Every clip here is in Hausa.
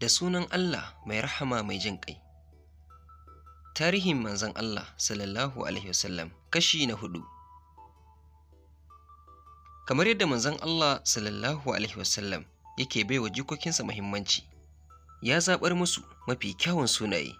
da sunan Allah mai rahama mai jin ƙai. Tarihin manzon Allah sallallahu Alaihi wasallam kashi na hudu. Kamar yadda manzon Allah sallallahu Alaihi wasallam yake bai jikokinsa muhimmanci, ya zaɓar musu mafi kyawun sunaye.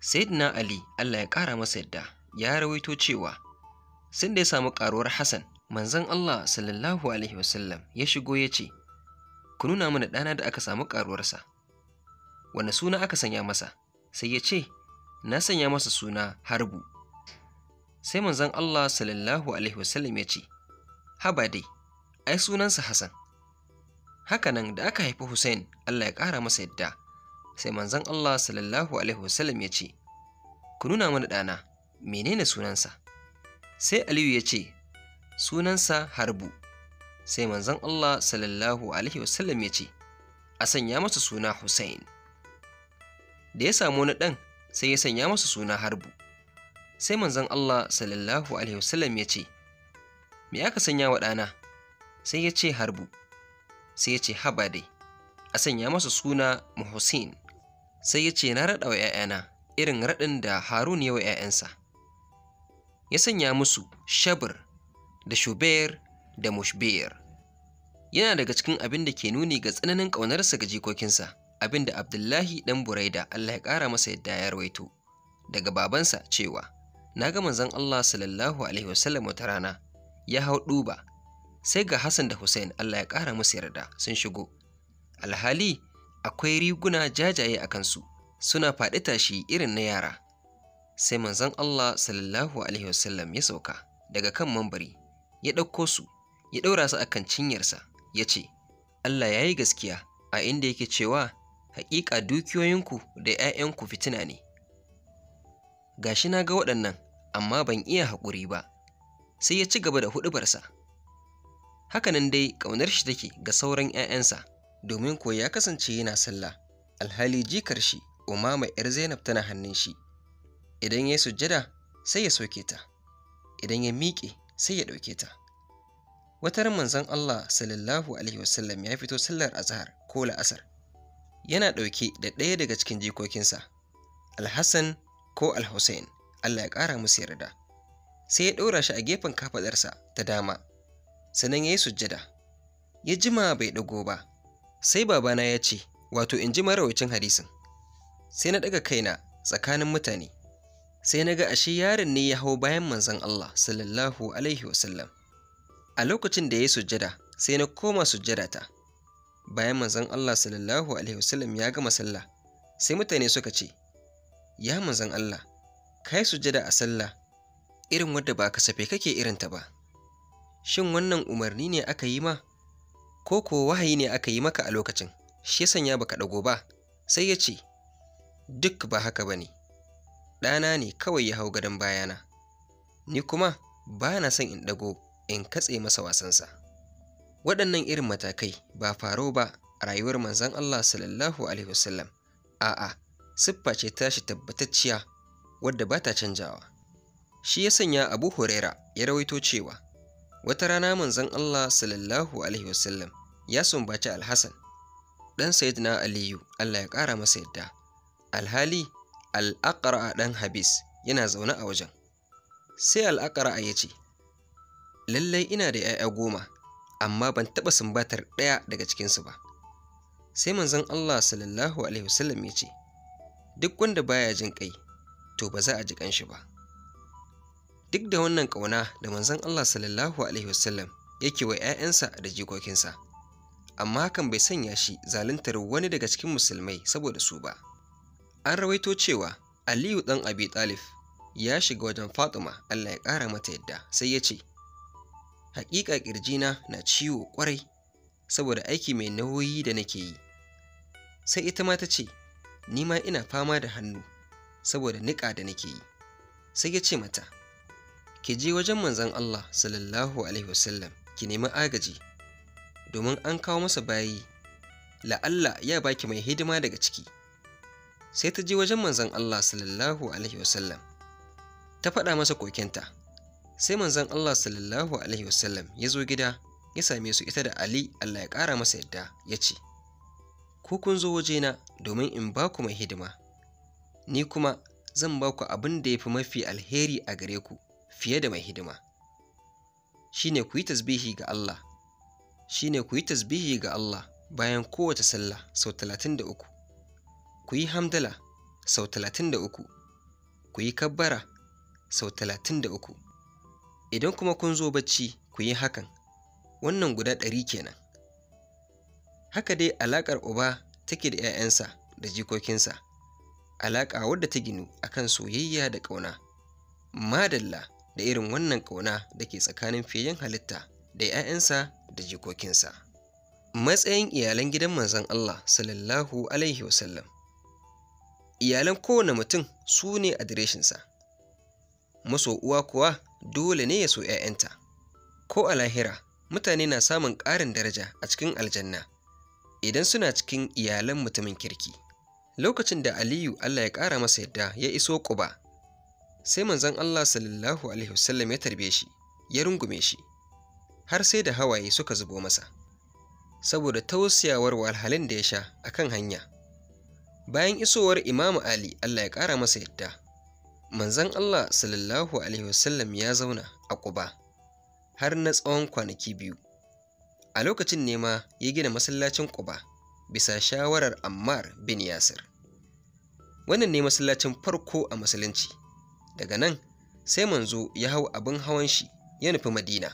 Sayyidina Ali Allah ya ƙara masa yadda ya rawaito cewa sun da ya samu ƙaruwar Hassan manzon Allah sallallahu Alaihi wasallam ya shigo ya ce, ku nuna mana ɗana da aka samu ƙaruwarsa wani suna aka sanya masa sai ya ce na sanya masa suna harbu sai manzon Allah sallallahu alaihi wasallam ya ce haba dai ai sunansa Hassan hakanan da aka haifi Hussein Allah ya ƙara masa yadda sai manzon Allah sallallahu alaihi wasallam ya ce ku nuna mana ɗana menene sunansa sai Aliyu ya ce sunansa harbu sai manzon Allah sallallahu alaihi wasallam ya ce a sanya masa suna Hussein da ya samu na ɗan sai ya sanya masa suna Harbu sai manzon Allah sallallahu alaihi wasallam ya ce me aka sanya wa ɗana sai ya ce Harbu sai ya ce haba dai a sanya masa suna Muhusin. sai ya ce na raɗa wa ‘ya'yana irin raɗin da Harun ya wa ‘ya'yansa. Ya sanya musu Shabir da Shubair da Mushbir. yana daga cikin abin da ke nuni ga tsananin ƙaunarsa ga jikokinsa abin da abdullahi ɗan buraida allah ya ƙara masa yadda ya rawaito daga babansa cewa na ga manzon allah sallallahu alaihi wasallam wata rana ya hau duba. sai ga hassan da hussein allah ya ƙara masa yarda sun shigo alhali akwai riguna jajaye a kansu suna faɗi tashi irin na yara sai manzon allah sallallahu alaihi wasallam ya sauka daga kan mambari ya ɗauko su ya ɗaura su a kan cinyarsa ya ce, Allah ya yi gaskiya a inda yake cewa, Haƙiƙa dukiyoyinku da ‘ya'yanku fitina ne. Gashi na ga waɗannan, amma ban iya haƙuri ba, sai ya ci gaba da huɗubarsa. Hakanan dai ƙaunar shi take ga sauran ‘ya'yansa, domin ko ya kasance yana sallah, alhali jikar shi, Umama ‘yar Zainab tana hannun shi. Idan ya yi sujjada, sai ya soke ta, idan ya miƙe, sai ya ɗauke ta. watar manzon Allah sallallahu alaihi wasallam ya fito sallar azhar ko la'asar yana ɗauke da ɗaya daga cikin jikokinsa alhassan ko alhussein Allah ya ƙara musu yarda sai ya ɗora shi a gefen kafaɗarsa ta dama sannan ya yi sujjada ya jima bai ɗago ba sai babana ya ce wato in ji marawacin hadisin sai na ɗaga kaina tsakanin mutane sai na ga ashe yaron ne ya hau bayan manzon Allah sallallahu alaihi wasallam a lokacin da ya yi sujjada sai na koma ta. bayan manzon Allah sallallahu alaihi wasallam ya gama sallah sai mutane suka ce ya manzon Allah kai sujjada a sallah irin wadda ba ka safe kake ta ba shin wannan umarni ne aka yi ma ko ko wahayi ne aka yi maka a lokacin shi sanya baka dago ba sai ya ce duk ba haka ba ne ɗana ne kawai ya hau gadon bayana ni kuma ba na son in ɗago in katse masa wasansa waɗannan irin matakai ba faro ba a rayuwar manzon Allah sallallahu alaihi wasallam a'a siffa ce tashi tabbatacciya wadda ba ta canjawa shi ya sanya Abu Huraira ya rawaito cewa wata rana manzon Allah sallallahu alaihi wasallam ya sumbaci Alhassan ɗan na Aliyu Allah ya ƙara masa yadda alhali al'aqra ɗan Habis yana zaune a wajen sai a ya ce lallai ina da ‘ya'ya goma amma ban taɓa sumbatar ɗaya daga cikinsu ba sai manzon Allah sallallahu alaihi wasallam ya ce duk wanda baya jin kai, to ba za a ji ƙanshi ba duk da wannan ƙauna da manzon Allah sallallahu alaihi wasallam yake wa ‘ya'yansa da jikokinsa amma hakan bai sanya shi zaluntar wani daga cikin musulmai saboda su ba an rawaito cewa aliyu ɗan abi talif ya shiga wajen fatima allah ya ƙara mata yadda sai ya ce haƙiƙa ƙirjina na ciwo ƙwarai saboda aiki mai nauyi da nake yi sai ita ma ta ce ni ma ina fama da hannu saboda niƙa da nake yi sai ya ce mata ki je wajen manzon Allah sallallahu alaihi wasallam ki nemi agaji domin an kawo masa bayi la'alla ya baki mai hidima daga ciki sai ta je wajen manzon Allah sallallahu alaihi wasallam ta faɗa masa kokenta sai manzon Allah sallallahu alaihi wasallam ya zo gida ya same su ita da Ali Allah ya ƙara masa yadda ya ce Ku kun zo wajena domin in ba ku mai hidima ni kuma zan ba ku abin da ya fi mafi alheri a gare ku fiye da mai hidima shine ku yi tasbihi ga Allah shine ku yi tasbihi ga Allah bayan kowace sallah sau talatin da uku, ku yi hamdala sau talatin da uku, ku yi kabbara sau talatin da uku. idan kuma kun zo bacci ku yi hakan wannan guda ɗari kenan haka dai alaƙar uba take da 'ya'yansa da jikokinsa alaƙa wadda ta ginu akan soyayya da ƙauna madalla da irin wannan ƙauna da ke tsakanin fiyen halitta da 'ya'yansa da jikokinsa matsayin iyalan gidan manzon Allah sallallahu alaihi wasallam iyalan kowane mutum su ne adireshinsa maso uwa kuwa dole ne ya so ‘ya'yanta ko a lahira mutane na samun ƙarin daraja a cikin aljanna idan suna cikin iyalan mutumin kirki lokacin da aliyu allah ya ƙara masa yadda ya iso ƙuba sai manzan allah sallallahu alaihi wasallam ya tarbe shi ya rungume shi har sai da hawaye suka zubo masa saboda tausayawar wahalhalin da ya sha akan hanya bayan isowar imamu ali allah ya ƙara masa yadda Manzan Allah sallallahu alaihi wasallam ya zauna a Quba har na tsawon kwanaki biyu a lokacin nema ya gina masallacin Quba bisa shawarar Ammar bin Yasir wannan ne masallacin farko a musulunci daga nan sai manzo ya hau abin hawan shi ya nufi Madina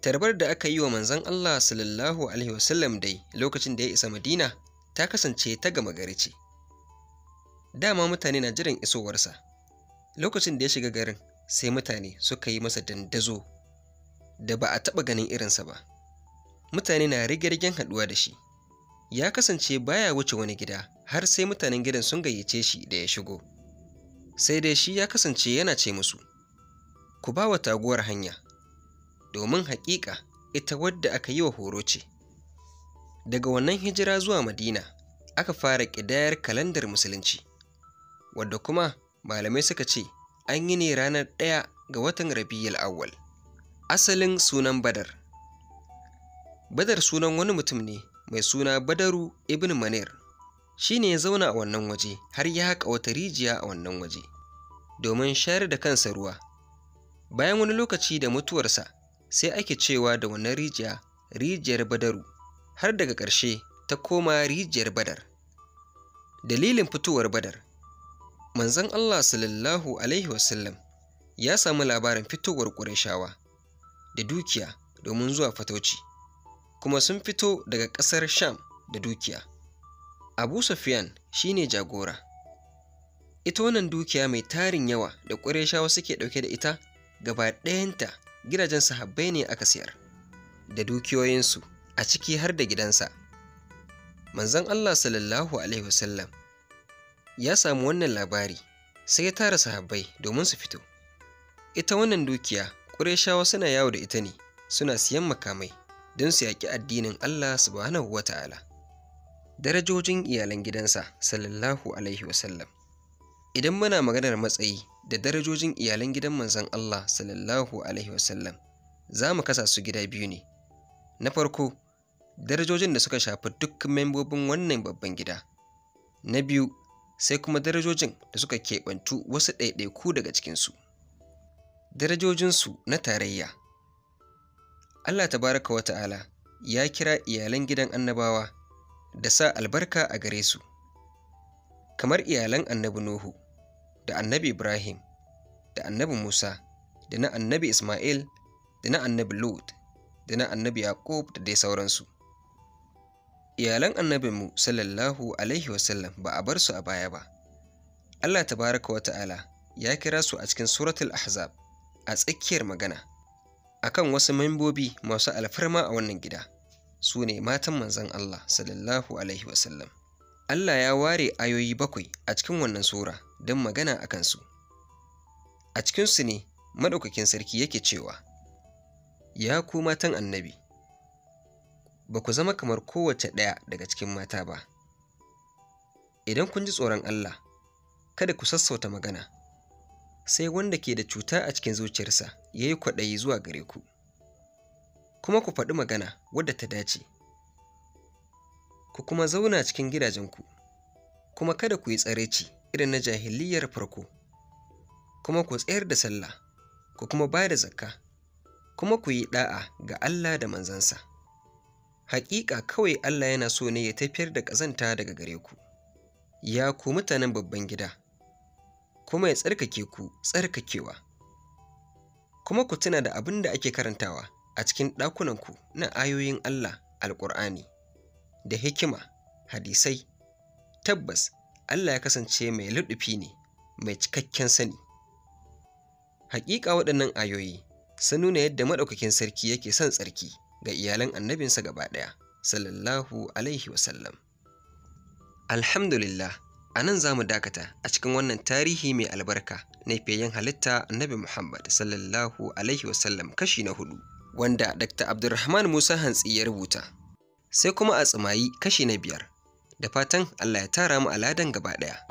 tarbar da aka yi wa Manzan Allah sallallahu alaihi wasallam dai lokacin da ya isa Madina ta kasance ta gama gari ce dama mutane na jiran isowarsa lokacin da ya shiga garin sai mutane suka yi masa dandazo da ba a taɓa ganin irinsa ba mutane na rigirgen haɗuwa da shi ya kasance baya wuce wani gida har sai mutanen gidan sun gayyace shi da ya shigo sai dai shi ya kasance yana ce musu ku ba wa taguwar hanya domin haƙiƙa ita wadda aka yi wa horo ce daga wannan hijira zuwa madina aka fara ƙidayar kalandar musulunci wadda kuma malamai suka ce an yi ne ranar ɗaya ga watan rabiyal awwal asalin sunan badar badar sunan wani mutum ne mai suna badaru ibn manir shi ne ya zauna a wannan waje har ya haƙa wata rijiya a wannan waje domin shayar da kansa ruwa bayan wani lokaci da mutuwarsa sai ake cewa da wannan rijiya rijiyar badaru har daga ƙarshe ta koma rijiyar badar dalilin fitowar badar manzon Allah sallallahu alaihi wasallam ya samu labarin fitowar Qurayshawa da dukiya domin zuwa fatoci, kuma sun fito daga ƙasar Sham da dukiya Abu Sufyan shine jagora ita wannan dukiya mai tarin yawa da Qurayshawa suke ɗauke da ita gaba ɗayanta gidajen sahabbai ne aka siyar da dukiyoyinsu a ciki har da gidansa manzon Allah sallallahu alaihi wasallam ya samu wannan labari sai ya tara sahabbai domin su fito ita wannan dukiya ƙureshawa suna yawo da ita ne suna siyan makamai don su yaƙi addinin Allah subhanahu wa ta'ala darajojin iyalan gidansa sallallahu alaihi wasallam idan muna maganar matsayi da darajojin iyalan gidan manzon Allah sallallahu alaihi wasallam za mu kasa su gida biyu ne na farko darajojin da suka shafi dukkan membobin wannan babban gida na biyu sai kuma darajojin da suka keɓantu wasu ɗaiɗaiku daga cikinsu darajojinsu na tarayya allah tabaraka wa ta'ala ya kira iyalan gidan annabawa da sa albarka a gare su kamar iyalan annabi nuhu da annabi ibrahim da annabi musa da na annabi ismail da na annabi lut da na annabi yaqub da dai sauransu iyalan annabinmu sallallahu alaihi wasallam ba a bar su a baya ba Allah tabaraka wa ta'ala ya kira su a cikin suratul ahzab a tsakiyar magana akan wasu membobi masu alfarma a wannan gida su ne matan manzon Allah sallallahu alaihi wasallam Allah ya ware ayoyi bakwai a cikin wannan sura don magana a kansu a cikinsu ne maɗaukakin sarki yake cewa ya ku matan annabi ba ku zama kamar kowace ɗaya daga cikin mata ba idan kun ji tsoron Allah kada ku sassauta magana sai wanda ke da cuta a cikin zuciyarsa ya yi kwaɗayi zuwa gare ku kuma ku faɗi magana wadda ta dace ku kuma zauna cikin gidajenku kuma kada ku yi tsareci irin na jahiliyar farko kuma ku tsayar da sallah ku kuma ba da zakka kuma ku yi ɗa'a ga Allah da manzansa haƙiƙa kawai Allah yana so ne ya tafiyar da ƙazanta daga gare ku ya ku mutanen babban gida kuma ya tsarkake ku tsarkakewa kuma ku tuna da abin da ake karantawa a cikin ɗakunanku na ayoyin Allah alƙur'ani da hikima hadisai tabbas Allah ya kasance mai luɗufi ne mai cikakken sani haƙiƙa waɗannan ayoyi sun nuna yadda maɗaukakin sarki yake son tsarki ga iyalan annabinsa gaba ɗaya sallallahu alaihi wasallam alhamdulillah a nan za mu dakata a cikin wannan tarihi mai albarka na fiyayyen halitta annabi muhammad sallallahu alaihi wasallam kashi na hudu wanda dr abdulrahman musa hantsi ya rubuta sai kuma a tsimayi kashi na biyar da fatan allah ya tara mu aladan gaba ɗaya